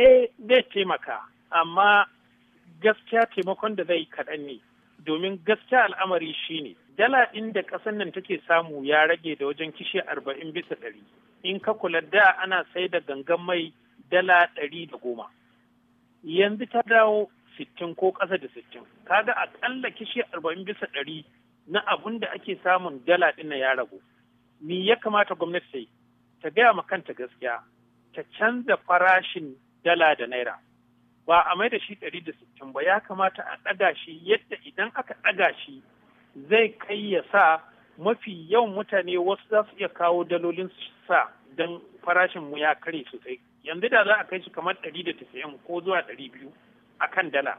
eh zai taimaka amma gaskiya taimakon da zai kaɗan ne domin gaskiya al'amari shi ne. dala ɗin da ƙasar nan take samu ya rage da wajen kishi arba'in bisa ɗari in ka kula da ana sai da gangan mai dala ɗari da goma yanzu ta dawo sittin ko ƙasa da sittin kaga aƙalla kishi arba'in bisa ɗari na abun da ake samun dala ɗin ya ragu me ya kamata gwamnati ta yi ta gaya ma kanta gaskiya ta canza farashin dala da naira ba a mai da shi ɗari da sittin ba ya kamata a ɗaga shi yadda idan aka ɗaga shi zai kai ya sa mafi yawan mutane wasu za su iya kawo dalolin sa don farashin mu ya kare sosai yanzu da za a kai shi kamar ɗari da tafiyan ko zuwa ɗari biyu a kan dala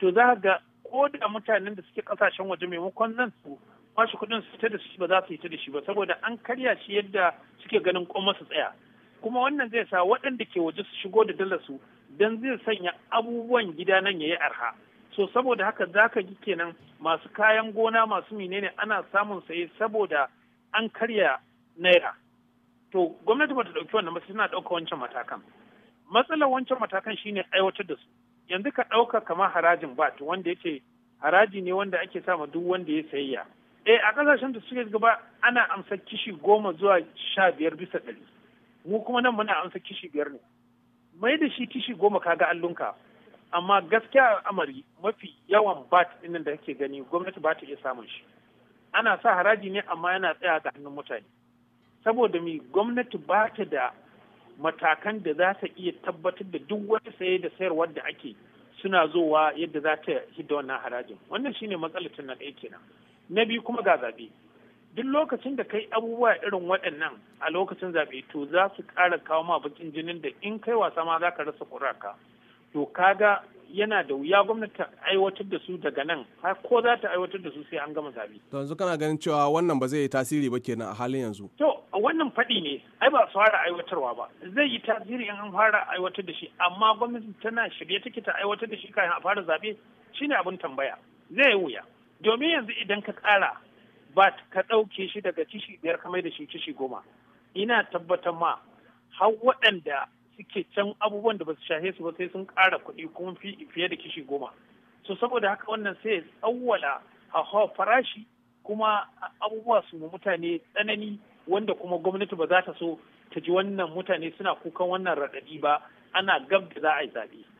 to za ga ko da mutanen da suke ƙasashen waje maimakon nan su shi kuɗin su ta da shi ba za su yi ta da shi ba saboda an karya shi yadda suke ganin kuma su tsaya kuma wannan zai sa waɗanda ke waje su shigo da dala su don zai sanya abubuwan gida nan yi arha so saboda haka za ka ji kenan masu kayan gona masu menene ana samun saye saboda an karya naira to gwamnati bata ɗauki wannan ba suna ɗauka wancan matakan matsalar wancan matakan shine aiwatar da su yanzu ka ɗauka kamar harajin ba wanda yake haraji ne wanda ake sama duk wanda ya sayayya eh a kasashen da suke gaba ana amsa kishi goma zuwa sha biyar bisa ɗari mu kuma nan muna amsa kishi biyar ne mai da shi kishi goma kaga allunka amma gaskiya amari mafi yawan bat ɗinnan da kake gani gwamnati ba ta iya samun shi ana sa haraji ne amma yana tsaya ga hannun mutane saboda mi gwamnati ba ta da matakan da za ta iya tabbatar da duk wani saye da sayarwa da ake suna zowa yadda za ta hidda wannan harajin wannan shine matsalar tunan aiki kenan na biyu kuma ga zaɓe duk lokacin da kai abubuwa irin waɗannan a lokacin zaɓe to za su ƙara kawo ma bakin jinin da in kai wasa ma za ka rasa ƙuraka to kaga yana da wuya gwamnati ta aiwatar da su daga nan ko za ta aiwatar da su sai an gama zaɓe. to yanzu kana ganin cewa wannan ba zai yi tasiri ba kenan a halin yanzu. to wannan faɗi ne ai ba su fara aiwatarwa ba zai yi tasiri in an fara aiwatar da shi amma gwamnati tana shirye take ta aiwatar da shi kafin a fara zaɓe shine abin tambaya zai yi wuya domin yanzu idan ka ƙara bat ka ɗauke shi daga kishi biyar ka da shi kishi goma ina tabbatar ma har waɗanda suke can abubuwan da ba su shahe su ba sai sun ƙara kuɗi kuma fiye da kishi goma so saboda haka wannan sai ya tsawwala hawa farashi kuma abubuwa su mutane tsanani wanda kuma gwamnati ba za ta so ta ji wannan mutane suna kukan wannan raɗaɗi ba ana gab da za a yi zaɓe.